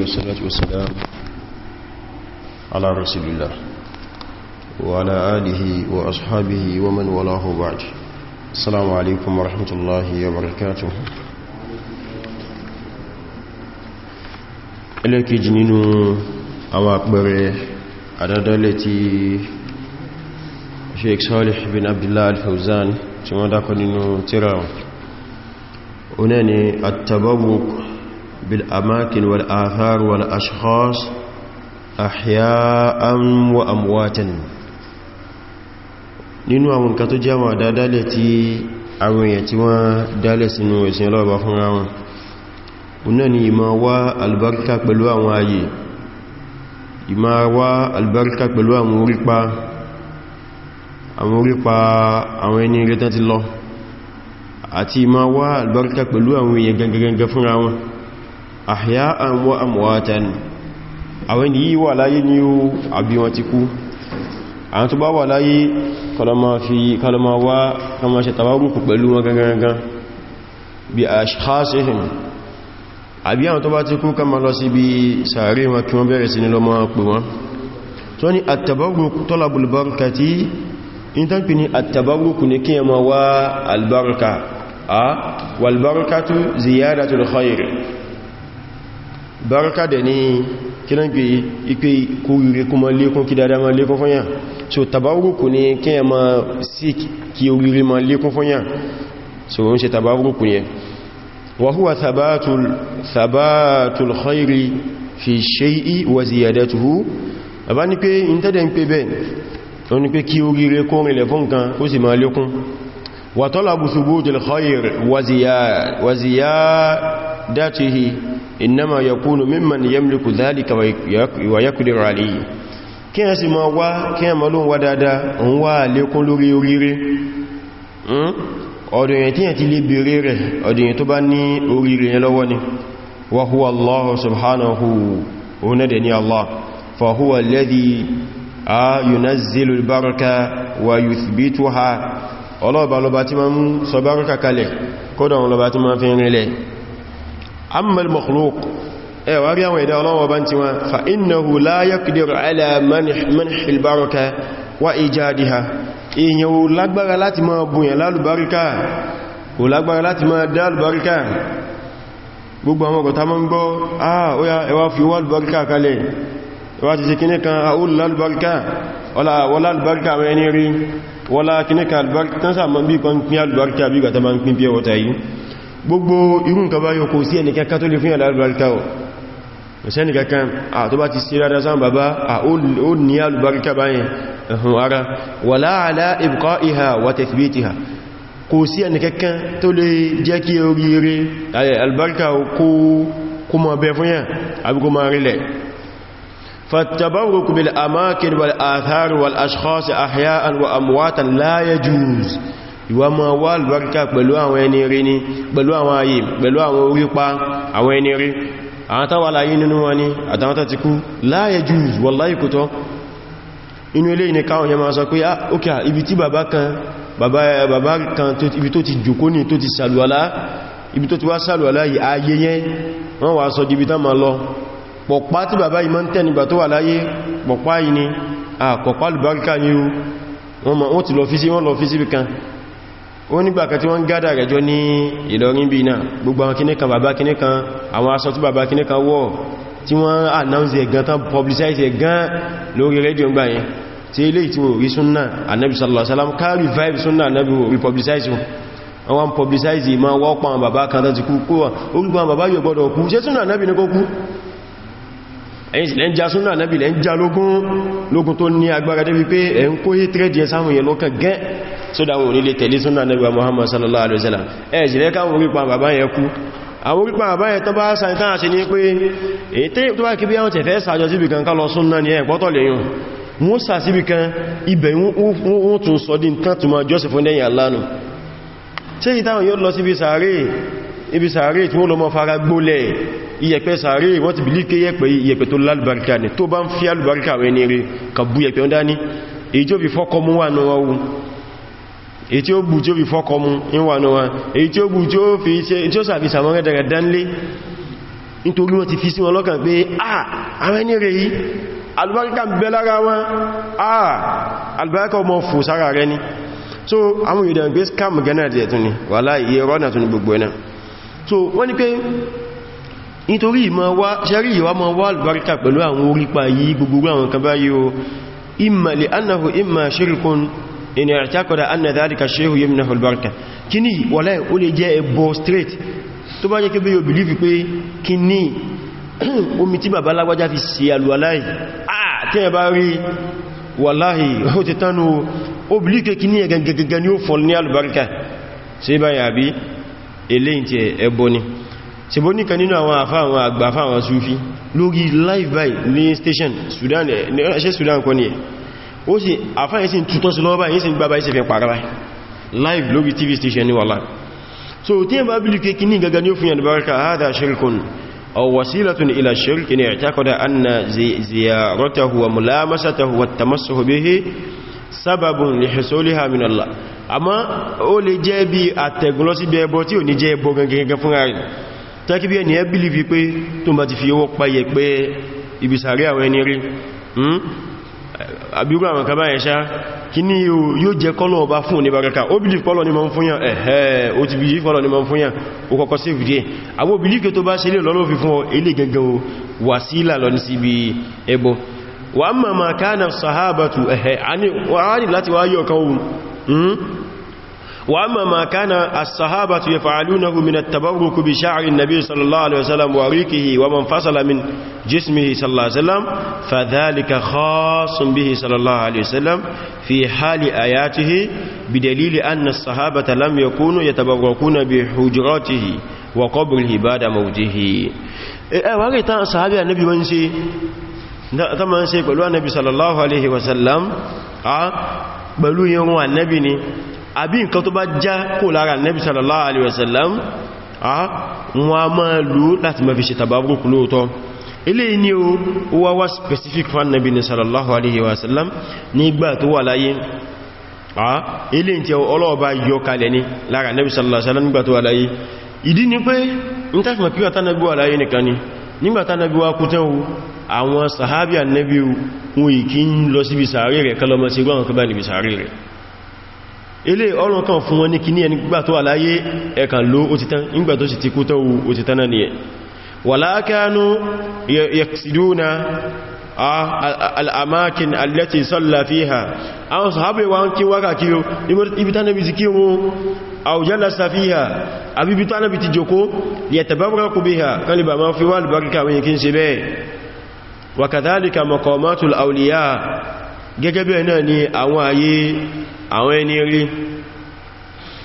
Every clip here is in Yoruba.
عليه والصلاة والسلام على رسول الله وعلى آله وأصحابه ومن ولاه بعد السلام عليكم ورحمة الله وبركاته إليك جنين أو أكبر أدادالتي Sheikh Salih bin Abdullah Al-Fawzan tí wọ́n dákọ̀ nínú tíra wọn. Oná ni At-Tabawwuq بالأماكن والآثار والأشخاص أحياء وأمواتا nínú àwọn nǹkan tó jẹ́ àwọn àdádálẹ̀ tí àwọn èèyàn tí wọ́n dálẹ̀ sínú ìsìn ọlọ́ọ̀bá fúnra wọn ọ̀nà ni ìmá wá albarka pẹ̀lú àwọn ayé ìmá wá albarka pẹ̀lú àwọn orípa àwọn orípa àwọn ẹni rẹ̀ ti lọ àti ìmá wá albarka pẹ̀lú àwọn èèyàn gangagangan fúnra wọn ahya'an wa amwatan àwọn yìí wà láyé ní ó àbí wọn ti kú àwọn tó bá wà láyé kalama wá kama ṣe tàbárùkù pẹ̀lú wọn gangan bí ashkhasihim àbí àwọn tó bá ti kú kama lọ sí bí sàárè wọn kí wọ́n bẹ̀rẹ̀ sí ní lọ baraka da ni kiran pe ipe ko yure kuma lekun ki dada ma lekun fanya so tabaruku ni kiyan ma si ki yure ma lekun fanya so wọ́n ṣe tabaruku ni e. wa huwa thabatul thabatul khairi fi shay'i wa ziyadatuhu aba ni pe in ta de npe be oni pe ki yure ko rin fun kan ó sì ma lekun wa talabu subujil khair wa ziyad wa ziyadatihi إنما يكون ممن يملك ذلك ويقدر عليه kí ẹ sì ma wá kí ẹ ma ló ń wá dáadáa ń wá lékún lórí oríire ọdún tí ẹ ti lè bèèrè rẹ̀ ọdún tó bá ní oríire yẹn lọ́wọ́ ni wa huwa Allahu subhanahu onídẹ̀ ni Allah fa huwa alladhi yunazzilu al-baraka wa yuthbituha ọlọ́ọ̀bá lọba tí ma mú sọ bárúkà kalẹ̀ kódà lọba tí ma fi rinlẹ̀ amma al-makhluq ẹ wà rí àwọn ìdá ọlọ́wọ́ bá ti wọn fa innahu la yaqdiru ala manhil baraka wa ijadiha èyàn ò lágbára láti máa bùyàn lálùbáríkà ò lágbára láti máa dá lùbáríkà gbogbo àwọn ọ̀gọ̀ta mọ́ ń gbọ́ ah ó yá ẹwà fi wà lùbáríkà kalẹ̀ ẹwà ti ṣe kíní kan àwọn lálùbáríkà wọ́lá lùbáríkà mẹ́rin rí wọ́lá kíní kan lùbáríkà tán sà mọ́ bí kan pín lùbáríkà bí gàtà máa ń pín pí ẹwọ́ta yìí gbogbo irú nǹkan báyọ̀ kò sí ẹnìkankan tó lè fún àlùbáríkà ọ̀ ìṣẹ́nìkankan àtọ́ bá ti sí rádá sáàmù bàbá ó ní àlùbáríkà báyẹn ẹ̀hùn ara wala ala ibqa'iha wa tathbitiha kò ìwà máa wá lùbáríkà pẹ̀lú àwọn ẹni rí ní pẹ̀lú àwọn ayé pẹ̀lú àwọn orípa àwọn ẹni rí àwọn tán wà láyé nínú wọn ni àtàwọn tán ti kú la yajuz wallahi kò tọ́ inú ilé ìní káwọn yẹn máa sọ pé ah ok ah, ibi tí bàbá kan bàbá kan ibi tó ti jòkó ní tó ti sàlùwàlá ah, wọ́n ti lọ fi sí wọ́n lọ fi sí bí kan ó nígbàkan tí wọ́n gádà rẹjọ ní Ìlọrin bí náà gbogbo àwọn kíníkan bàbá kíníkan àwọn aṣọ tí bàbá kíníkan wọ́ tí wọ́n announce ẹ̀gán tán publicize ẹ̀gán lórí rédíò ń gbà yẹn tí ilé ìtí wò rí súnnà Ànábì sallallahu alaihi wasallam ká publicize wọn publicize ma wọ́pọ̀ àwọn bàbá kan tán ti kú kó orúkọ àwọn bàbá yóò gbọ́dọ̀ kú ṣe súnnà Ànábì ní kó kú ẹ̀yìn sì so da wọn nílé tẹ̀lé súnà nẹ́gbà Muhammad sallallahu alaihi wasallam ẹ̀ jìlẹ́ káwọn orípa bàbá yẹn kú àwọn orípa bàbá yẹn tó bá sàn tán àṣẹ ní pé èyí tó bá kí bí àwọn tẹ̀fẹ́ sàájọ síbì kan ká lọ súnà ní ẹ̀pọ́tọ̀ lèyàn wọ́n sà síbì kan ibẹ̀ wọ́n tún sọ dín tán tó máa jọ́sì fún lẹ́yìn alánu ṣe ìtàwọn yóò lọ síbi sàárè ibi sàárè tí wọ́n lọ mọ́ fara gbólẹ̀ iyẹ̀pẹ̀ sàárè wọ́n ti bìlí kéyẹ̀pẹ̀ iyẹ̀pẹ̀ tó lálùbáríkà ní tó bá ń fi alùbáríkà rẹ̀ ní rí kàbú yẹ̀pẹ̀ ń dání èyí tí fi fọ́kọ́ mú wà náà wọ́wọ́ èyí tí ó bù tí ó fi fọ́kọ mú níwànú wọn èyí tí ó bù tí ó fi ṣe tí ó sàfi sàmọ́rẹ́ dẹ̀rẹ̀ dánlé nítorí wọ́n ti fi sí wọn lọ́kàn pé ah, àwọn ẹni ah, so àwọn yóò dẹ̀rẹ̀ pé scam gánà jẹ́ tún ni so wọ́n ni pé nítorí ìmọ̀ wá ṣẹ́rí ìwá mọ̀ wá alùbáríkà pẹ̀lú àwọn orípa yìí gbogbo àwọn kan báyìí o imma li annahu imma shirkun in i'taqada anna dhalika shehu yimnahu albarka kini wala ó lè jẹ́ ẹbọ straight tó bá jẹ́ ke bí yo believe pé kini omi tí bàbá lágbájá fi ṣe aluwalai ah tí ẹ bá rí kini gangan ni ó fún ní albarka ṣé bá ya bí eleyin tí ẹbọ ni nínú àwọn àfá àwọn àgbà fáwọn sufi lórí live by ní station Sudan ṣe Sudan kọ́ ni ẹ̀ ó sì àfáyẹ̀ sí tútọ́ sí lọ́wọ́ báyìí sí gbábá ìsẹ̀ fi pàrà báyìí live lórí tv station ní wàlá so tí ẹ bá bí lùkẹ́ kí ní gaga ní ó fún yàndùbáraka hádà shirkun aw wasilatun ila shirki ni i'taqada anna ziyaratahu àbígbà àwọn kàbá ẹ̀ṣá kí ní yóò jẹ kọ́lọ̀ ọba fún ní baraka ó bìlì kọ́lọ̀ ní ma ń fúnyàn ẹ̀hẹ́ o ti bìlì kọ́lọ̀ ní ma ń fúnyàn ó kọ́kọ́ sí ìfìdíẹ̀ àwọ́ bìlì kí tó bá ṣe lè sahabatu وأما ما كان الصحابة يفعلونه من التبرك بشعر النبي صلى الله عليه وسلم وريكه ومن فصل من جسمه صلى الله عليه وسلم فذلك خاص به صلى الله عليه وسلم في حال آياته بدليل أن الصحابة لم يكونوا يتبركون بحجراته وقبره بعد موته وغير تان صحابي النبي من سي تمام سي قالوا النبي صلى الله عليه وسلم قالوا يوم النبي àbí nǹkan tó bá já kó lára nẹ́bí sallallahu alaihi wasallam wọn a máa lò láti máa fi ṣe tàbárùkù lóòtọ́ ilé ní o wá wá specific fan nẹ́bí ni sallallahu alaihi wasallam nígbà tó wà láyé ilé tí ọlọ́ọ̀bá yọ kalẹ̀ ní lára nẹ́bí sallallahu alaihi wasallam nígbà tó wà láyé ìdí ni pé ní tàfí mọ̀ pí wà tánàbí wà láyé nìkan ni nígbà tánàbí àwọn sàhábí ànẹ́bí wọn ìkí lọ síbi sàárè rẹ̀ kálọmọ sí gbọ́n kan bá níbi sàárè ilé ọlọ́run kan fún wọn ní kí ní ẹni gbà tó aláyé ẹ̀kàn ló ó ti tán ìgbà tó sì ti kú tọ́wù ó ti tán náà nìyẹn wala kanu yaqsiduna al'amakin allati salla fiha àwọn sàhábẹ̀ wa ń kí wákà kí ibi tánàbí ti kí wọn àwùjálà sàfíhà àbíbí tánàbí ti jòkó àwọn ẹni rí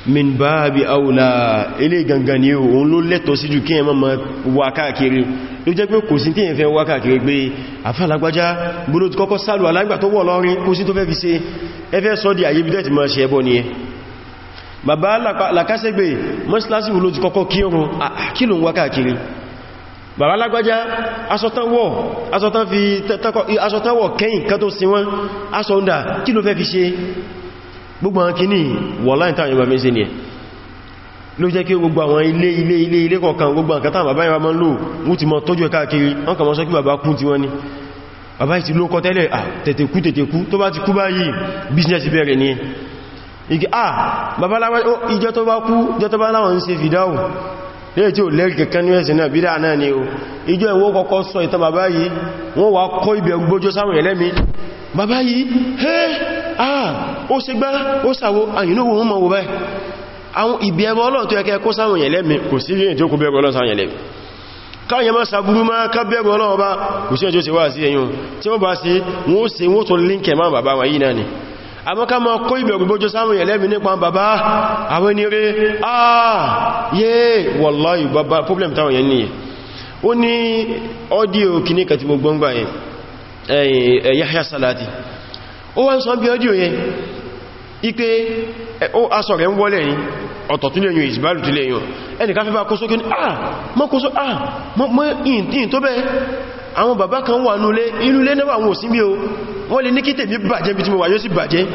min báàbí aula ilé gangan ni òun ló lẹ́tọ̀ sí jù kí ẹ mọ́mọ́ wà káàkiri ló jẹ́ pé kò sí tí ẹ̀fẹ́ wà káàkiri pé àfàlágbájá gbóló ti kọ́kọ́ sálù alágbà tó wọ̀ lọ́rin kò sí tó fẹ́ fi ṣe ẹfẹ́ sọ́ di àyè bídẹ̀ ti mọ́ ṣe ẹbọ nìyẹn bàbá làkásẹ́gbè mọ́sílásì wo ló ti kọ́kọ́ kírun àkílùn wà káàkiri bàbá lágbájá asọ́tánwọ̀ kẹ́yìn kan tó sin wọ́n asọ́ndà kí ló fẹ́ fi ṣe gbogbo àwọn kìíní wọ̀lá ìtàn yorùbá mẹ́sẹ̀ ni ẹ̀ ló jẹ́ kí gbogbo àwọn ilé ilé ilé ilé kọ̀ọ̀kan gbogbo àǹkan táwọn bàbá ìwà máa ń lò wọ́n ti mọ tọ́jú ẹ̀ káàkiri wọ́n kàn mọ́ sọ kí bàbá kú ti wọ́n ni bàbá ìtì ló kọ tẹ́lẹ̀ à tètè kú tètè kú tó bá ti kú báyìí bísínẹ́sì bẹ̀rẹ̀ ni igi à bàbá láwọn ìjọ tó bá kú lẹ́yìn tí ó lẹ́rí kẹ̀kẹ́ ní ẹ̀sìn náà bídá náà ni o ìjọ ìwọ́ kọ́kọ́ sọ ìtàn bàbá yìí wọ́n wá kọ́ ibẹ̀ gbójó sáwọn ẹlẹ́mi bàbá yìí hẹ́ àà ó ṣe gbá ó sàwó àyínúwò wọn mọ̀ wọ báyìí àwọn ìbẹ̀rọ Ọlọ́run tó yẹ kẹ́ kó sáwọn ẹlẹ́mi kò sí rí ìjókòó bẹ̀rọ Ọlọ́run sáwọn ẹlẹ́mi káyẹ máa sàbúrú máa kábẹ̀rọ Ọlọ́run bá kò sí ẹjọ́ sí wá sí ẹ̀yùn tí wọ́n bá sí wọ́n sí wọ́n tó líǹkẹ̀ máa bàbá wáyìí náà ni àmọ́ ká máa kó ìbẹ̀rù bójú sáwọn ẹlẹ́mì nípa bàbá àwọn ẹni rẹ̀ àà ah, yé wallahi bàbá problem táwọn yẹn ní ó ní ọdíò kìíní kàtí mo gbọ́ngbà yẹn Yahya Salati ó wá ń sọ bí ọdíò yẹn ipé ó aṣọ rẹ̀ ń wọ́lẹ̀ yìí ọ̀tọ̀ tún lẹ́yìn ìsìbálù tí lẹ́yìn ẹnìkan àwọn bàbá kan wà nú inú ilé náà àwọn òsìn bí o wọ́n lè ní kí tèmi bàjẹ́ bí tí mo wà yóò sì bàjẹ́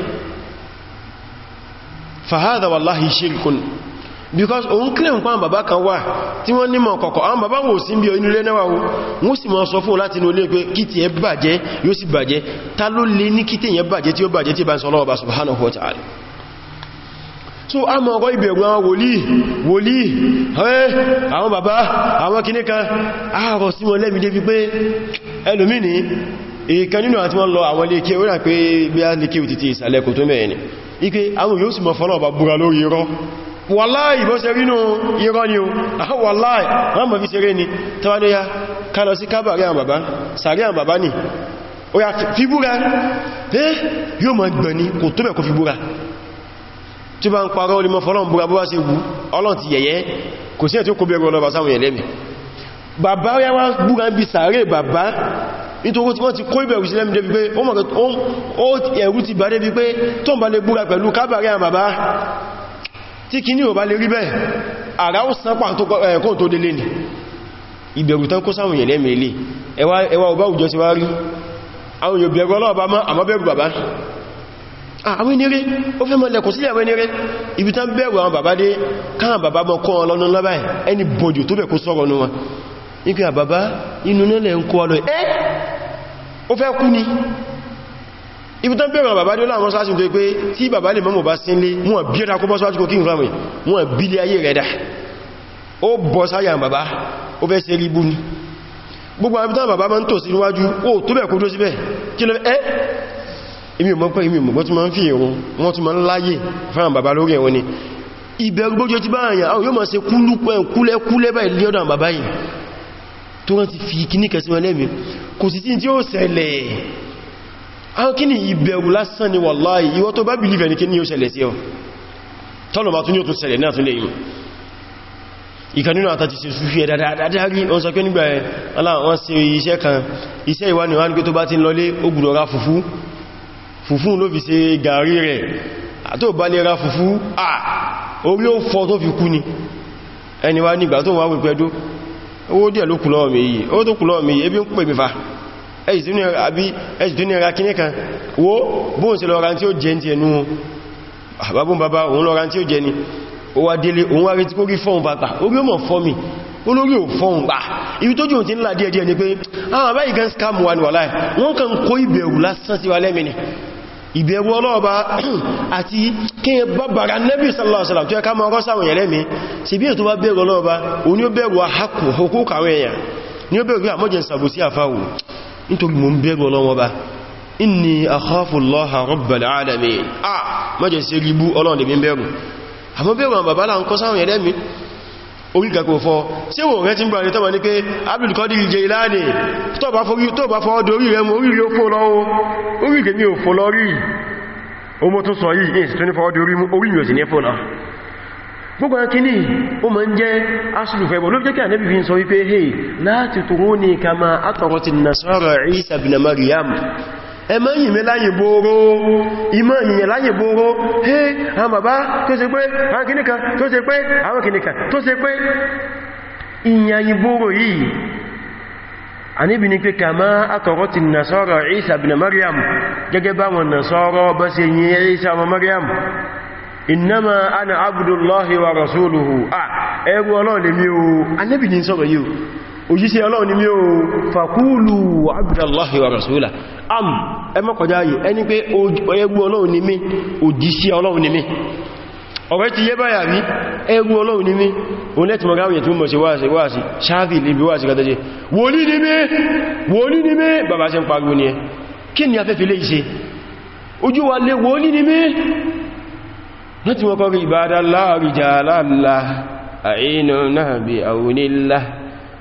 fahadha wallahi shirkun because òun claim pa àwọn bàbá kan wà tí wọ́n nímọ̀ kọ̀kọ̀ àwọn bàbá wò sí bí o inú ilé náà wọ́n sì mọ́ sọ fún láti inú ilé pé kí tí bàjẹ́ yóò sì bàjẹ́ ta ló lè ní kí tèyàn bàjẹ́ tí ó bàjẹ́ tí bá ń sọ lọ́wọ́ bá subhanahu wa ta'ala so a mọ̀ ọ̀rọ̀ ìbẹ̀rù àwọn wòlíì wòlíì ẹ́ àwọn bàbá àwọn kìní kan ààrọ̀ sí wọn lẹ́mí débi pé ẹlòmínì èèkan nínú àti wọ́n lọ àwọn léèké ó rà pé bí a léèké òtítì ìsàlẹ̀kù tó mẹ́rin ipé àwọn yóò sì mọ̀ ni o ah, wàláì wọ́n mọ̀ fi ṣeré ni tọ́wádéyá ká lọ sí kábàrí àwọn bàbá sàrí gbẹ̀ ni kò tó bẹ̀ kò tí bá ń parọ́ olè mọ́fọ́lọ́n búra bó wá sí wú ọlọ́n ti yẹ̀yẹ́ kò sí ẹ̀ tí ó kó bẹ̀rẹ̀ ọlọ́bà sáwọn ẹ̀lẹ́mì bàbá yá wá búra ń bí sàárè bàbá nítorí tí wọ́n ti kó ìbẹ̀rù sí lẹ́mì débi pé ó mọ̀ ẹ̀rù ti bà débi pé tó ń bá lè búra pẹ̀lú kábàárẹ̀ àwọn bàbá tí kì ní ò bá Ah, àwọn enire ó fẹ́ mọ́ lẹ́kùn sílẹ̀ àwọn enire ibi tán bẹ̀rù àwọn bàbá dé káwọn bàbá mọ́ kọ́ ọlọ́nà lọ́bàá ẹni bọ̀jù tó bẹ̀kú sọ́rọ̀ ní wọn nígbà àbàbá inú nílẹ̀ ń kọ́ ọlọ́ ẹ́ ó fẹ́ kú ni ibi tán bẹ̀rù àwọn bàbá dé láwọn sáàsì tó pé tí bàbá lè mọ́mọ̀ bá sínlé wọn bí ẹ̀dà kó bọ́ èmi mọ̀ pé èmi mọ̀ wọ́n ma ń fi ìrun wọ́n tún ma ń láyè fẹ́ràn bàbá lórí ẹ̀wọ́n ni ìbẹ̀rù bójú ti bá àyà àwọn yóò ma ṣe kúlẹ̀kúlẹ̀ báyìí lé ọ̀dọ̀ bàbá yìí tó rántí fi kíní kẹsí wọn lẹ́mí kò sí tí ó ṣẹlẹ̀ àwọn kíní ìbẹ̀rù lásán ni wàláhì ìwọ tó bá bìlífẹ̀ ní kíní ó ṣẹlẹ̀ sí ọ tọ́lọ̀ ma tún yóò tún ṣẹlẹ̀ náà tún lẹ́yìn ìkanínú àtàtì ṣe súfí ẹ̀ dáadáa rí wọ́n sọ nígbà ẹ̀ aláwọ̀n ṣe iṣẹ́ kan iṣẹ́ ìwà tó bá ti lọlé ó gbùdọ̀ fùfú fùfú ló fi ṣe gàrí rẹ̀ àtò bá lè ra fùfú à orí ó fọ́ tó fi kú ni ẹni wá nígbà tó wà wí pẹ́dó owó díẹ̀ ló kùlọ́ mi yìí ó tó kùlọ́ mi yìí ebi ń pè mẹ́fà ẹ̀sì tó ní ra kíní kan wo bóhùn sí lọ́ra tí ó jẹ ní ẹnu àbábùn bàbá òun lọ́ra tí ó jẹ ni ó wá délé òun wá rí tí kó rí fọ́hùn bàtà orí ó mọ̀ fọ́ mi olórí ò fọ́hùn bá ibi tó jùun ti ńlá díẹ̀díẹ̀ ni pé àwọn ah, àbáyìí gan scam wà ní wà láì wọ́n kàn kó ìbẹ̀rù lásán sí wa lẹ́mìnì ìbẹ̀rù ọlọ́ọ̀bá àti kí bàbàrà nẹ́bí sallallahu alaihi wasallam tó ẹka mọ́ rọ́sáwọn yẹ̀rẹ́ mi sí bí ètò bá bẹ̀rù ọlọ́ọ̀bá o ní ó bẹ̀rù àhákù òkúkà àwọn èèyàn ní ó bẹ̀rù àmọ́jẹ̀ sàbòsí àfáwò nítorí oríkàkò fọ́ ṣe wò rẹ̀ tí ń gbà ní tọ́wà ní pé Abdul Qadir Jilani tó bá fọ́ ọdọ̀ orí rẹ̀ mú orí rẹ̀ fò lọ́wọ́ orí rẹ̀ mi ò fò lọ o mọ́ tó sọ yìí ní ìsìtún ní fọ́ ọdọ̀ orí mi o ma ń jẹ́ asùlùfẹ́bọ̀ ló jẹ́ kí ànẹ́bì fi ń sọ wípé kama atọ̀rọ̀ ti nasara Maryam ẹmọ́ yìí mi láyìn bóró ìmọ̀ ìyìn láyìn bóró hé àwọn bàbá tó ṣe pé àwọn kìníkan tó ṣe pé àwọn kìníkan tó ikpe pé ìyìn bóró yìí àníbi ni pé kàmá àtọ̀rọ̀ ti nàṣọ́rọ̀ Isa bin Maryam gẹ́gẹ́ báwọn nàṣọ́rọ̀ bá ṣe yin Isa ọmọ Maryam innama ana abdullahi wa rasuluhu a ẹgbẹ́ ọlọ́ọ̀lẹ́mí o àníbi òjíṣẹ́ ọlọ́run ni mí o fàkúlù abdullahi wa rasúlá am ẹmọ́ kọjá yìí ẹni pé ẹgbù ọlọ́run ni mí òjíṣẹ́ ọlọ́run ni mí ọ̀rẹ́ ti yẹ báyà rí ẹgbù ọlọ́run ni mí o lẹ́tì mọ̀ gáwìyàn tí ó mọ̀ ìbádá láàrí jà láàlá àìnà náà bí àwòníláà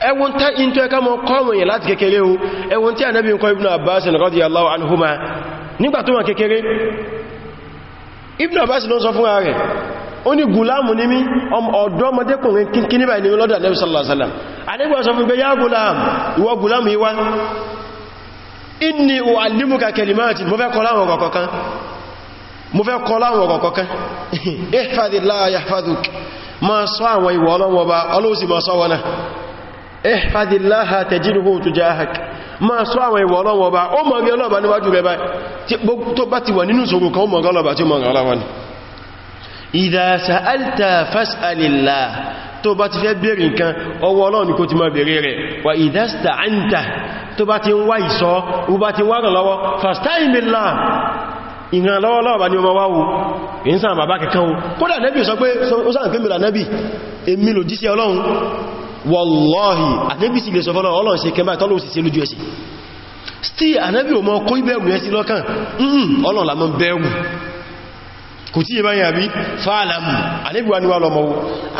ẹwọ́n tá in tó ẹka mọ́ kọ́mọ̀ yẹn láti kékeré o ẹwọ́n tí ànábì ń kọ́ Ibn Abbas radiyallahu anhuma nígbà tó wọ́n kékeré Ibn Abbas ló sọ fún ààrẹ ó ní gùlámù ní mí ọ̀dọ́ ọmọdékùnrin kíní báyìí ní lọ́dọ̀ ànábì sallallahu alaihi wasallam ànábì sọ fún pé yá gùlámù ìwọ gùlámù yíwá inni uallimuka kalimati mo fẹ́ kọ́ láwọn ọ̀rọ̀ kọ̀kan mo fẹ́ kọ́ láwọn ihfadillaha tajidhu tujahak ma sọ àwọn ìwọ̀ ọlọ́wọ̀ bá ó mọ̀ rí ọlọ́bà níwájú rẹ̀ báyìí tó bá ti wà nínú ìṣòro kan ó mọ̀ rí ọlọ́bà tí ó mọ̀ rí ọlọ́wà ní idha sa'alta fas'alillah tó bá ti fẹ́ bèèrè nǹkan ọwọ́ Ọlọ́run ni kó ti máa bèèrè rẹ̀ wà idha sta'anta tó bá ti ń wá ìṣọ́ ó bá ti wá ràn lọ́wọ́ fasta'in ìran lọ́wọ́ lọ́wọ́ bá ní ọmọ wáwú ìyínsàn bàbá kẹkàn kódà nẹ́bì sọ pé ó sáà ń pè mìíràn nẹ́bì èmi lòjíṣẹ́ Ọlọ́run wallahi ànábì sì lè sọ fọ́lọ́ ọlọ́run ṣe kẹba tọ́lọ́ sì sí lójú ẹsẹ̀ still ànábì ò mọ́ kó ìbẹ̀rù ẹ sí lọ́kàn ọlọ́run la mọ́ bẹ̀rù kò tí ìbá yàbí fàálàmù àníbíwá níwá lọ mọ́wó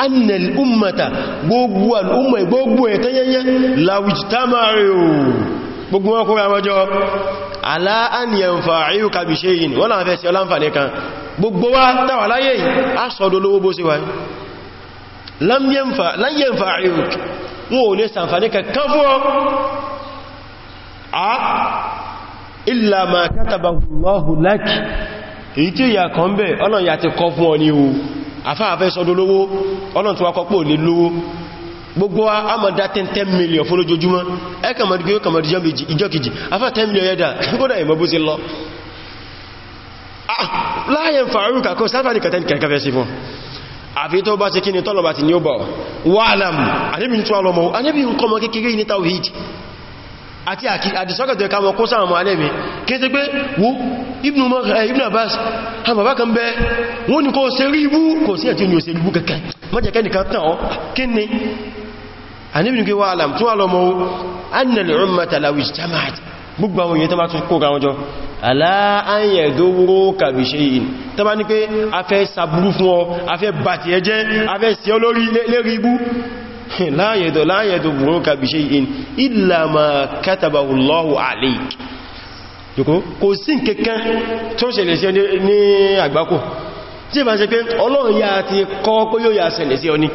annal ummata gbogbo al'umma gbogbo ẹ̀tẹ́ yẹnyẹ láwìjítàmàrí o gbogbo wọn sí ọlá láyé ń fa iruk wọn ò lè sàǹfàní kankan fún ọ a illa ma katabahu Allahu lak èyí tí ìyà kan bẹ̀ ọlọ́n ya ti kọ fún ọ ní o afáàfẹ́ sọdọ́ lówó tí wá kọpọ̀ lè lówó gbogbo amọ̀dá 10 million fún lójoojúmọ́ ẹkà mọ̀dí yóò kàmọ̀dí ìjọ kejì afá 10 million yẹ́dà kódà ìmọ̀bú sí lọ láyẹn fàárùkà kó sáfà ní kàtẹ́ àfi tó bá ti kí ni tọ́lọ̀bá ti ní ó bọ̀ wa'lam anẹ́bí tó alọ́mọ̀ anẹ́bí ń kọmọ kékeré ní tawhid àti àdìsọ́kẹ̀tẹ̀ kamọ kó sáwọn ọmọ anẹ́bí kí ti pé wó eh, Ibn Abbas ha bàbá kan bẹ wọ́n ni kò ṣe rí ibú kò sí ẹ̀tí ni ò ṣe rí ibú kankan mọ́jẹ̀kẹ́ nìkan tàn ọ́ kí ni anẹ́bí ni kí wa'lam tó alọ́mọ̀ annal ummata law ijtama'at gbogbo àwọn èyí tó bá tún kóra wọn jọ aláàáyẹ̀ dówóró kàbíṣẹ́ yìí tó bá ní pé a fẹ́ sàbúrú fún ọ a fẹ́ bàtì ẹjẹ́ a fẹ́ sí ọ lórí ibú láàyẹ̀dọ̀ láàyẹ̀dọ̀ bùrún kàbíṣẹ́ yìí ìlàmà kátàbàwùlọ́wù àlèkì kò sí kẹ́kẹ́ tó ṣẹlẹ̀ sí ní àgbákò tí ìbá ṣe pé ọlọ́run yá ti kọ́ pé yóò yá ṣẹlẹ̀ sí ọ ní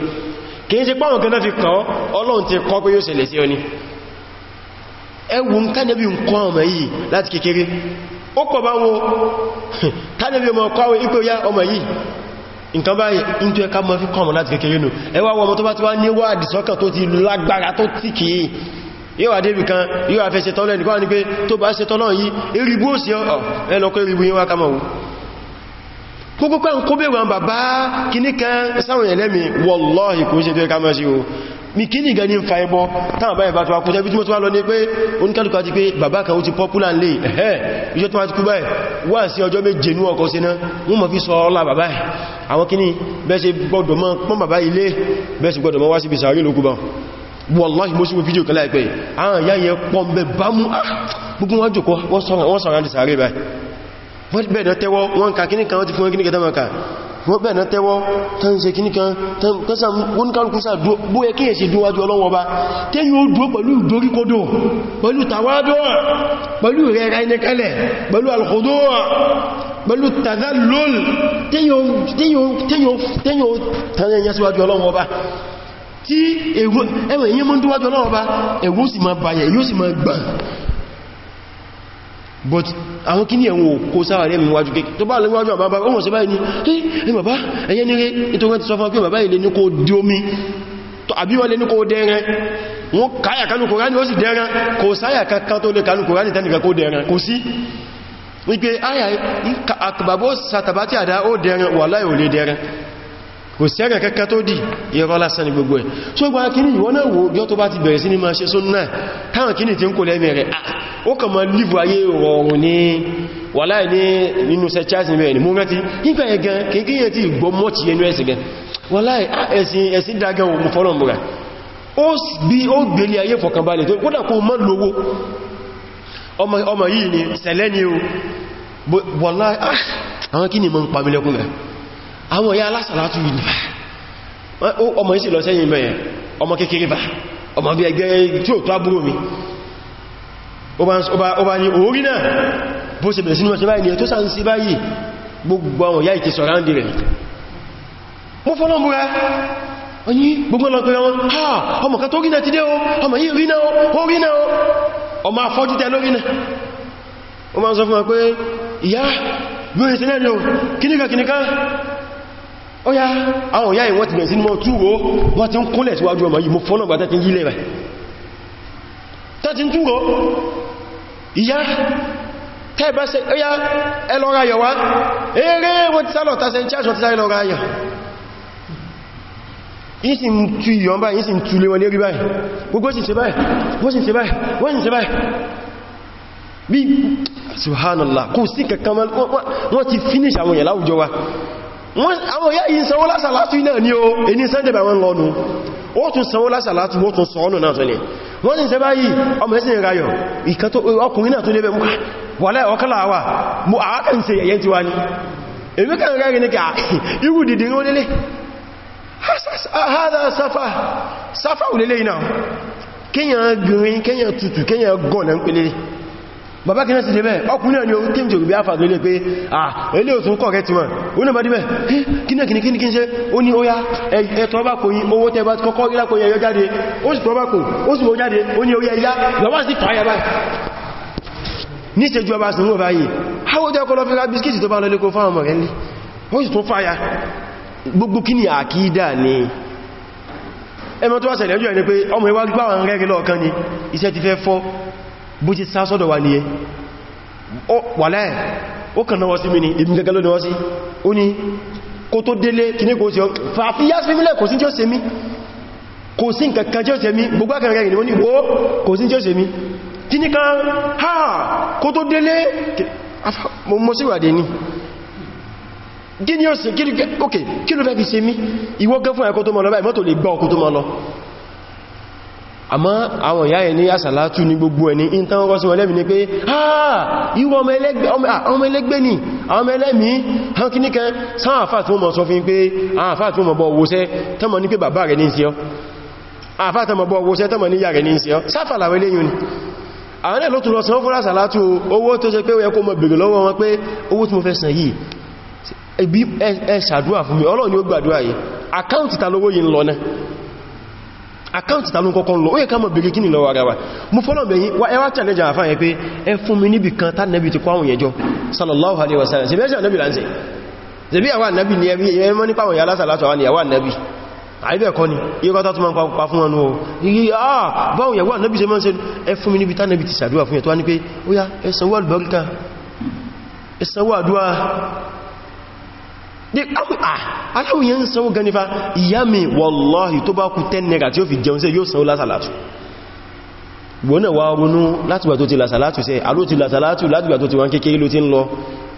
kìí ṣe páwọn kẹ́ náà fi kàn ọlọ́run ti kọ́ pé yóò ṣẹlẹ̀ sí ọ ní ẹwùn tánàbí nǹkan ọmọ yìí láti kékeré ó pọ̀ bá wọn tánàbí ọmọ kọ́wọ́ ipò ya ọmọ yìí nǹkan báyìí ń tó ẹka mọ́ fi kọ́mọ̀ láti kékeré nù ẹwà wọn tó bá ti wá níwọ́ àdìsọ́kàn tó ti lágbára tó tí kìí yíò àdébì kan yíò àfẹ́ṣẹ́ tọ́lẹ̀ nìkan ní pé tó bá ṣe tọ́lọ̀ yìí erigbó sí ẹlọ́kọ́ mikini gani ń fa ẹbọ táwọn báyìí bá tó wá kú tẹ́bí tí mo tó wá lọ ní pé oníkàlùkà ti pé bàbá kan ó ti popular lè ẹ̀hẹ́ ìjọ tó wá ti kú báyìí wà sí ọjọ́ méje ní ọkọ̀ síná wọ́n mọ̀ fi sọ ọlá bàbá àwọn kíní bẹ́ẹ̀ṣe gbọ́dọ̀ mọ́ pọ́n bàbá ilé bẹ́ẹ̀ṣe gbọ́dọ̀ mọ́ wá síbi sàárè lókú bá wallahi mo ṣíwò fídíò kẹlá ìpẹ́ wọ́n bẹ̀ẹ̀ tẹ́wọ́ tán ṣe kí níkan tán sàm oníkàlùkúsà bó ẹ kíyèsí dúnwájú ọlọ́wọ́ bá tẹ́ yóò dúó pẹ̀lú ìdoríkodò pẹ̀lú tàwádọ́ pẹ̀lú rẹ̀ra ẹnikẹ́lẹ̀ pẹ̀lú alkhudó pẹ̀lú tàdálòl tẹ́yàn tẹ́yàn síwájú ọlọ́wọ́ bá tí ẹwẹ̀ èyí mọ́ dúnwájú ọlọ́wọ́ bá ẹ̀wọ́ sì máa bàyẹ̀ yóò sì máa gbà àwọn kíní ẹ̀wọ̀n kó sára rẹ̀ níwájú kéèkì tó bá lẹ́wọ́jú àbábá ọmọ sí báyìí ní ẹ̀ bàbá ẹ̀yẹ́ ní rẹ̀ nítorí ti sọ fún pé bàbá ilé ní kó di omi àbí wọ́n lè ní kó dẹ̀rẹ̀ wọ́n káyà kanú kòránì ó sì dẹ̀rẹ̀ kò sáyà kankan tó lè kanú kò sí ẹ̀kẹ́ kẹ́kẹ́ tó dì ìrọ́ lásán ní gbogbo ẹ̀ tó gba kíní ìwọ́n náà wò yọ́ tó bá ti bẹ̀rẹ̀ sí ní máa ṣe sunnah táwọn kíní tí ń kò lẹ́mẹ̀ rẹ̀ ah, ó kàn mọ́ lífù ayé rọrùn ní wàláì ní nínú tí ìgbọ́ mọ́tí ẹnu ẹ̀sìn gan wàláì ah, ẹ̀sìn ayé ni àwọn ìyá alásàlátù yìí nìbà ọmọ yìí sì lọ sẹ́yìn mẹ́yẹn ọmọ kékeré bá ọmọ bí ẹgbẹ́ tí ó tó àbúrò mi ó bá ní orí náà bó ṣe bẹ̀rẹ̀ ni ẹ̀ tó sá ń sí báyìí gbogbo àwọn ìyá ìtì sọ̀ráǹdì rẹ̀ mo ha ọmọ kan tó rí náà ti dé o ọmọ yìí rí náà ó rí náà ọmọ afọ́jú tẹ lórí náà ó máa ń sọ fún wa pé ìyá bí ó ṣe kíníkà kíníkà ó yá àwọn òyá ìwọ́n ti bẹ̀rẹ̀ sí ní mọ́ túrò wọ́n ti ń kúnlẹ̀ síwájú ọmọ yìí mo fọ́nà gbà tẹ́kí yílẹ̀ rẹ̀ tẹ́tí ń túrò ìyá tẹ́ẹ̀bẹ́ sẹ ó yá ẹlọ́ra yọ̀ wá eré wọ́n ti sálọ̀ tàṣẹ ìchẹ́ṣọ́ ti sáré lọ́ra yọ̀ yìí sì ń tú ìyọ̀n báyìí yìí sì ń tú lé wọn lérí báyìí gbogbo sì ṣe báyìí wọ́n sì ṣe báyìí wọ́n sì ṣe báyìí bí subhanallah kò sí kankan wọ́n ti finish àwọn èèyàn láwùjọ wa àwọn ìyá yìí sanwó lásàlátù iná ní o ẹni sunday bá wọn lọ́nu ó tún sanwó lásàlátù wọ́n tún sọ ọ́nà náà tó ní wọ́n ní sẹ́bá yìí ọmọ ẹ̀sìn ìrayọ̀ ọkùnrin náà tó lébẹ̀ mú wà láì ọkàlà wà mú àákàn se ẹ̀yẹ́ ti wá ní èmi kàn rẹ́rin ní bàbá kìí sí lébẹ̀ ọkùnrin ni ohun tí jù bí áfà lólé pé à ilé òtún kọ̀ rẹ̀ ti wọ́n ó ní bàdíbẹ̀ kíní kíní kíní kíní ṣe ó ní óyá ẹ̀tọ́bàkò yí owó tẹ́bà kọ́kọ́ ìlàkò yẹ jáde ó sì tọ́bàkò ó sì wó jáde ó ní óyá ìyá lọ́wọ́ sí tọ́ níṣe ju ọba sínú ọba yìí háwọ́dẹ́ ọkọ̀ lọ fi ra ni àkídà ni ẹmọ tó wá ṣẹlẹ̀ ẹjọ́ ẹni ni iṣẹ́ ti fẹ́ fọ́ bó ti sá sọ́dọ̀ wà ní ẹ wàlẹ́ ó kàn náwọ́ sí mi ní ibi gẹ́gẹ́ ló náwọ́ sí ó ní kó tó délé kí ní kò sí fàáfíyà sí mílẹ̀ kò sí tí ó ṣe mí kò sí nǹkankan tí ó ṣe mí gbogbo akẹrẹ ìrìn ní ó kò sí tí ó ṣe mí kí ní kan ha kó tó délé mo sí wàdé ní kí ni ó ṣe kí ló fẹ́ fi ṣe mí ìwọ́gẹ́ fún ẹ̀kọ́ tó mọ́ lọ báyìí tó mọ́ lọ àmọ́ àwọn ìyá ẹni àsàlátù ní gbogbo ẹni in tán rọ́ sí wọn lẹ́mìí ní pé àà ah, ìwọ ah, ọmọ ẹlẹ́gbẹ́ ni àwọn ọmọ ẹlẹ́mìí hàn kí níkan sáà àfáà tí wọ́n mọ̀ sọ fín pé àfáà tí wọ́n mọ̀ bọ́ owó sẹ́ tọ́mọ̀ ní pé bàbá rẹ̀ ní sí ọ àfáà tọ́mọ̀ bọ́ owó sẹ́ tọ́mọ̀ ní yà rẹ̀ ní sí ọ sáfàlàwẹ́ lẹ́yìn ni àwọn ẹ̀lọ́ tó lọ san fún àsàlátù owó tó ṣe pé ó yẹ kó mọ̀ bèèrè àkáǹtì tàbí kọ́kọ́ lọ ó yẹ ká mọ̀ bèèrè kí ní lọ ara wa mú fọ́lọ̀ bẹ̀yìn wá ẹwà challenge àfáà yẹ pé ẹ fún mi níbi kan tá nẹ́bì ti kwáhùn yẹjọ́ sallallahu ni ẹbí ẹyẹ mọ́ nípa àwọn yà lásàlátọ̀ wá ní àwọn nẹ́bì àìbẹ̀ẹ̀kọ́ ni irọ́ tó máa ń pa fún wọn oó yìí àà ah, báwọn yàwó ànábì ṣe máa ń ṣe ẹ fún mi níbi tá nẹ́bì ti sàdúwà fún ẹ̀ tó wá ní pé ó yá ẹsànwó aláwò yẹn ń sanwó gan nífà ìyá mi wallahi tó bá kú 10 naira tí ó fi jẹun sí yóò sanwó lásàlátù wọ́n náà wá ronú látìgbà tó ti lásàlátù sẹ́ aló ti lásàlátù látìgbà tó ti wọ́n kékeré ló ti ń lọ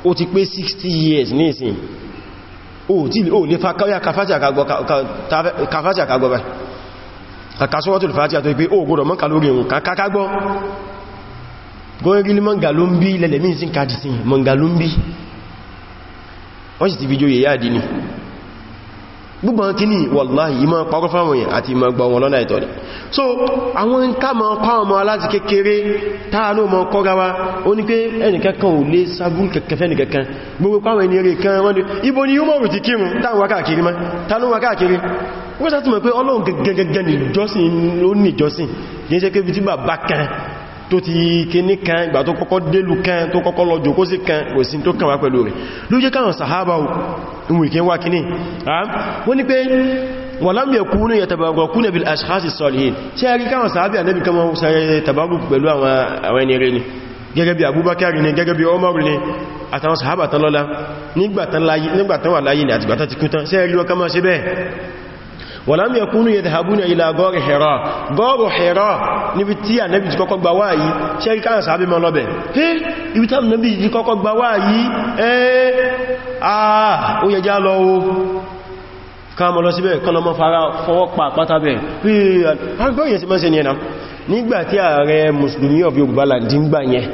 ó ti pé 60 years ní ìsìn ó tí ó lè fàkáyà kàfàtí àkagbọ́ kàkàsọ́wọ́tò ìfàtí àtọ́ ìpé ó gbọ́dọ̀ mọ́ǹkà lórí òun kàkàgbọ́ gọ́rin rí mọ́ǹgà ló ń bí lẹ́lẹ̀mí wọ́n sì ti fi jóye yáàdì ni gbogbo wọn kí ní wàláhì ìmọ̀ pàkọ́ fáwọn èèyàn àti ìmọ̀ gbọ́ wọn lọ́nà ìtọ́ ni so àwọn ká mọ̀ pàwọn mọ̀ aláti kékeré táàlò mọ̀ kọ́ra wa ó ní pé ẹnìkankan ò lè sábú kẹfẹ́ nìkankan gbogbo pàwọn ẹni rẹ̀ kan wọ́n ibo ni yúmọ̀rù ti kírun táwọn wákàkiri mọ́ táwọn wákàkiri wọ́n sá ti mọ̀ pé ọlọ́run gẹ́gẹ́gẹ́ ni ìjọsìn ló ní ìjọsìn kìí ṣe kébí tí bàbá kan tó ti kíní kan ìgbà tó kọ́kọ́ délù kan tó kọ́kọ́ lọ jòkó sí kan kò sí tó kàwà pẹ̀lú rẹ̀ ló jẹ́ káwọn sàhábà ìwò ìkẹ́ wá kíní wọ́n ni pé wọ́n lámì ẹ̀kúnú yẹ tàbàgbà kúnà bí aṣíkáṣì sọ̀lìhìn tí a rí káwọn sàhábà ànẹ́bì kan wọ́n sẹ́rẹ̀ tàbàgbà pẹ̀lú àwọn ẹni rẹ̀ ni gẹ́gẹ́ bí Abubakar ni gẹ́gẹ́ bí Omar ولم يكونوا يذهبون إلى غار حراء غار حراء níbi tí ànábì ti kọ́kọ́ gbà wáyí ṣẹ́rí káàrùn sàábí mọ́ lọ́bẹ̀ pé ibi tí ànábì ti kọ́kọ́ gbà wáyí ẹ́ àà ó yẹ já lọ o káàmọ́ lọ síbẹ̀ kọ́nà mọ́ fara fọwọ́ pa pátábẹ̀ pé agbóyẹ̀ sí mọ́sẹ̀ ní ẹ̀nà nígbàtí ààrẹ mùsùlùmí of Yorùbá land ń gbà yẹn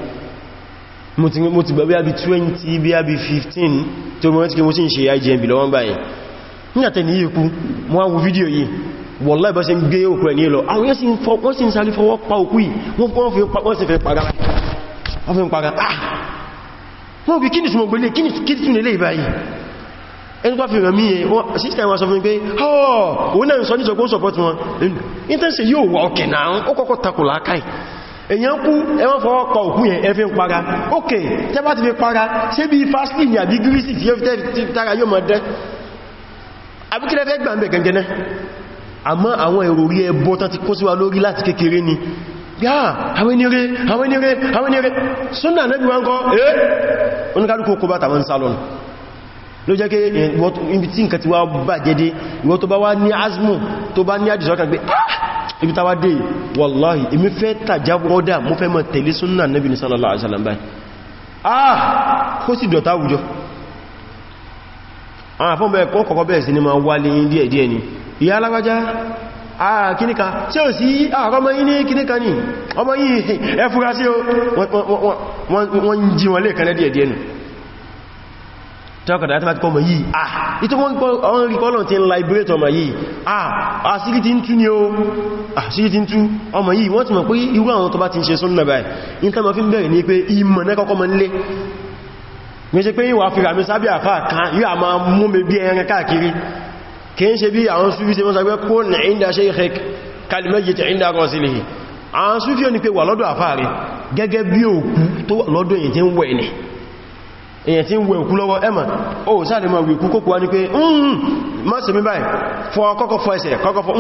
mo ti gbà bí i 20 bí i 15 tó mọ́ tí kí mo sì ń ṣe IJMB báyìí nígbàtẹ̀ ní ikú mọ́ àwọn fídíò yìí wọ́lá ìbá ṣe ń gbé òkú ẹ̀ ní lọ àwọn yẹ́sí wọ́n sì ń sáré fọwọ́ pa òkú yìí wọ́n fi fẹ́ para wọ́n bí kíni súnmọ̀ gbélé kíni tún lè báyìí ẹni tó fi rẹ̀mí ẹ̀ wọ́n sísta ìwọ̀n sọ fún pé ọ̀ oh! òun náà sọ ní sọgbọ́n sọpọ́tí wọn intense yóò wà ọ̀kẹ̀ náà ó kọ́kọ́ takò láàkàí èyàn kú ẹwọ́n fọwọ́ kọ òkú yẹn ẹ fi ń para ok tẹ́bá ti fi para ṣé bí fásitì ní àbí gírísì tí ó fi tẹ́ra yóò mọ̀ dẹ́ àbíkílẹ̀ fẹ́ gbà ń bẹ̀ gẹngẹnẹ́ àmọ́ àwọn èrò rí ẹbọ tán ti kó síwá lórí láti kékeré ni yáà àwọn ènìyàn àwọn ènìyàn àwọn ènìyàn súnà nẹ́bí wọn kọ́ ẹ́ oníkálùkù kó bá tàwọn sálọ́nù ló jẹ́ kí eh, ibi tí nǹkan ti wá bà jẹ́dé ìwọ tó bá wá ní azmù tó bá ah, sallallahu alaihi wasallam báyìí ah kó do ta àwùjọ àwọn àfọ́n bẹ̀rẹ̀ kọ́ kọ̀kọ́ bẹ̀rẹ̀ sí ni ma wà lè yìn díẹ̀ díẹ̀ ni ìyá alágbájá àà kíníkà tí ó sí àkọ́mọ́ yìí ní kíníkà ní ọmọ yìí ẹfúra sí wọ́n jí wọn lè kẹ́lẹ́ díẹ̀ díẹ̀ nù tọ́kọ̀dá àtàbàtí kọmọ yìí ah ìtò wọ́n rí kọ́lọ̀ tí ń liberate ọmọ yìí ah àṣírí ti ń tú ni ó àṣírí ti ń tú ọmọ yìí wọ́n ti mọ̀ pé irú àwọn tó bá ti ń ṣe sọ́nà báyìí mi ṣe pé ìwà fìrà mi sábí àfá kan yíò a ma mú mi bí ẹran káàkiri kí n ṣe bí àwọn súfí ṣe mọ́sàgbé kún ìndà ṣe ìhẹ́k kalmẹ́jì tẹ̀ ìndà kan sí lèyìn àwọn súfí o ní pé wà lọ́dọ̀ àfá rẹ̀ gẹ́gẹ́ bí òkú tó lọ́dọ̀ èyàn tí ń wẹ̀ ní èyàn tí ń wẹ̀ òkú lọ́wọ́ ẹmà ó sáàdì ma wìkú kókò wá ní pé mọ́ sí mi báyìí fọ kọ́kọ́ fọ ẹsẹ̀ kọ́kọ́ fọ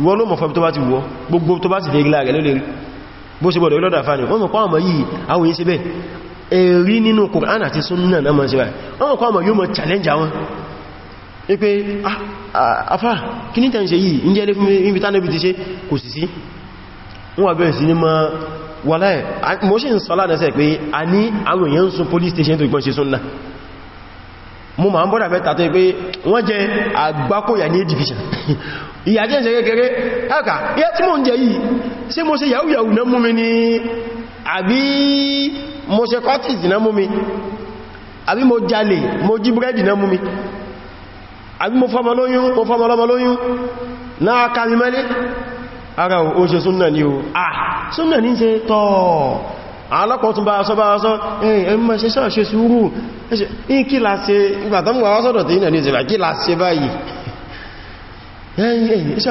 ìwọ ló mọ̀ fọ́ tó bá ti wọ́ gbogbo tó bá sì dé gílá rẹ̀ lórí bó ṣe gbọ́dọ̀ ìlọ́dọ̀ àfáàní wọ́n mọ̀ pọ́ àmọ́ yìí àwọn èyí ṣe bẹ́ẹ̀ ẹ̀rí nínú Kùránì àti súnnà náà mọ̀ sí wáyé wọ́n kọ́ ọmọ yóò mọ̀ challenge àwọn ipé ah, ah, afá kí ní tẹ́ǹṣe yìí ní jẹ́lé fún invitánẹ́bì ti ṣe kò sì sí wọ́n wà bẹ̀rẹ̀ sí ní mọ́ wàláhì police station tó ìgbọ́n ṣe súnnà mo ma ń bọ́dà mẹ́ta tó pé division ìyàjẹ́ ìṣẹ́ kékeré ẹ̀kà ìyẹ́ tí mo ń jẹ yìí ṣé mo àbí mo ṣe kọ́tìs náà mú mi àbí mo jalè mo jí búrẹ́dì náà mú mi àbí mo fọ́mọ lóyún mo fọ́mọ lọ́mọ lóyún náà ká mi mẹ́lé ara o ṣe súnnà ní o ah súnnà ní ṣe tọ́ alọ́pọ̀ tún bá aṣọ́ bá aṣọ́ ẹ̀yìn mẹ́ṣẹ́ ṣe ṣe sùúrù ẹ̀yìn kí la ṣe ìgbàtàmùwà wásọ̀dọ̀ tí ìnà ní ìṣẹ̀lá kí la ṣe báyìí ẹ̀yìn ṣe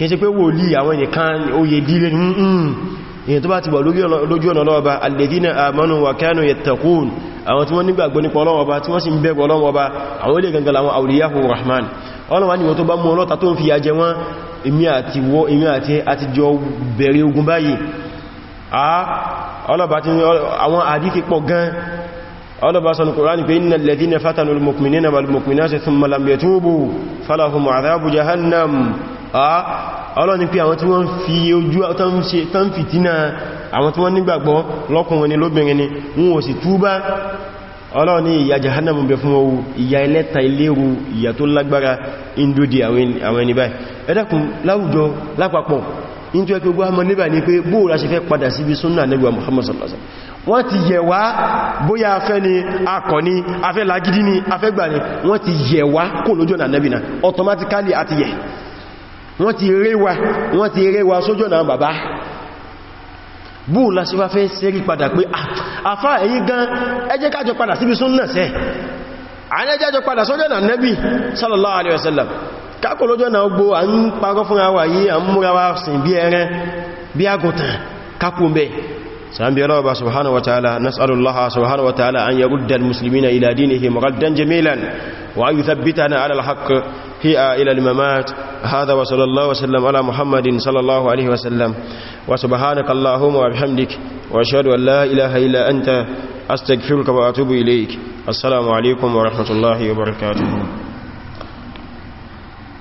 kìí ṣe pé wòlí àwọn ẹnìkan oyè dílé èyàn tó bá ti wà lójú ọ̀nà lọ́wọ́ba alladhina amanu wa kanu yattaqun àwọn tí wọ́n nígbàgbọ́ nípa Ọlọ́run Ọba tí wọ́n sì ń bẹ̀rù Ọlọ́run Ọba àwọn ilé gangan àwọn awliyahu rahman ọlọ́wọ́ ni wọ́n tó bá mú ọlọ́ta tó ń fi ajẹ wọn èmi àti wọ́ èmi àti àti jọ bẹ̀rẹ̀ ogun báyìí ọlọ́bá sọ Kùránì pé innal ladhina fatanul mu'minina wal mu'minati thumma lam yatubu falahum adhabu jahannam ọlọ́ni pé àwọn tí wọ́n fi ojú tán fìtínà àwọn tí wọ́n nígbàgbọ́ lọ́kùnrin ni lóbìnrin ni wọ́n in tó ẹgbẹ́ gbọ́mọ níbà ní pé bóòrà ṣe fẹ́ padà sí ibi súnnà nígbà Muhammad sallallahu alaihi wasallam wọ́n ti yẹ̀wá bóyá afẹ́ ni akọ̀ ni afẹ́ lagidi ni afẹ́ gbà ni wọ́n ti yẹ̀wá kò lójọ́ nà nẹ́bìnà automatically àti yẹ̀ wọ́n ti réwa wọ́n ti réwa sójọ́ nà bàbá bóòrà ṣe fẹ́ sẹ́rí padà pé afá ah, èyí gan ẹ jẹ́ ká jọ padà súnnà sẹ́ alaihi wasallam kákò lọ́jọ́ náà gbó à ń parọ́ fún àwà yìí à ń múra wá sìn bí ẹran bí àgùntàn kákò mẹ́ sàbí ọlọ́ọ̀bá subhanahu wa ta'ala nas'alullaha subhanahu wa an yarudda al-muslimina ila dinihim raddan jamilan wa an yuthabbitana ala al-haqq hi'a ila al-mamat hadha wa sallallahu wa sallam ala muhammadin sallallahu alaihi wa sallam wa subhanaka allahumma wa bihamdik wa ashhadu an la ilaha illa anta astaghfiruka wa atubu ilayk assalamu alaikum wa rahmatullahi wa barakatuh